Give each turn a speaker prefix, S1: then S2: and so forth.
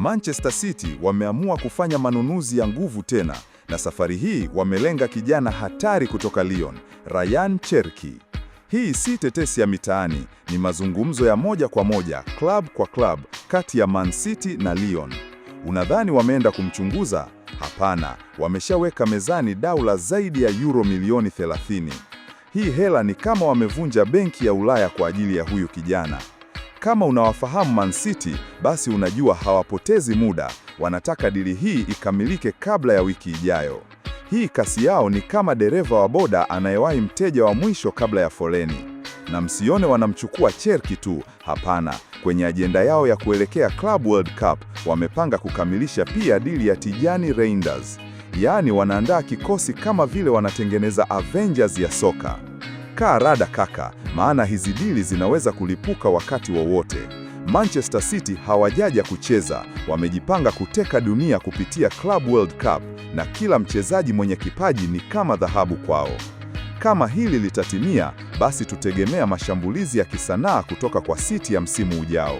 S1: Manchester City wameamua kufanya manunuzi ya nguvu tena, na safari hii wamelenga kijana hatari kutoka Lyon, Ryan Cherki. Hii si tetesi ya mitaani, ni mazungumzo ya moja kwa moja, club kwa club, kati ya Man City na Lyon. Unadhani wameenda kumchunguza? Hapana, wameshaweka mezani daula zaidi ya euro milioni 30. Hii hela ni kama wamevunja benki ya Ulaya kwa ajili ya huyu kijana. Kama unawafahamu Man City, basi unajua hawapotezi muda, wanataka dili hii ikamilike kabla ya wiki ijayo. Hii kasi yao ni kama dereva wa boda anayewahi mteja wa mwisho kabla ya foleni. Na msione wanamchukua Cherki tu, hapana. Kwenye ajenda yao ya kuelekea Club World Cup wamepanga kukamilisha pia dili ya Tijani Reinders. Yaani wanaandaa kikosi kama vile wanatengeneza Avengers ya soka. Kaa rada kaka, maana hizi dili zinaweza kulipuka wakati wowote wa Manchester City hawajaja kucheza, wamejipanga kuteka dunia kupitia Club World Cup, na kila mchezaji mwenye kipaji ni kama dhahabu kwao. Kama hili litatimia, basi tutegemea mashambulizi ya kisanaa kutoka kwa City ya msimu ujao.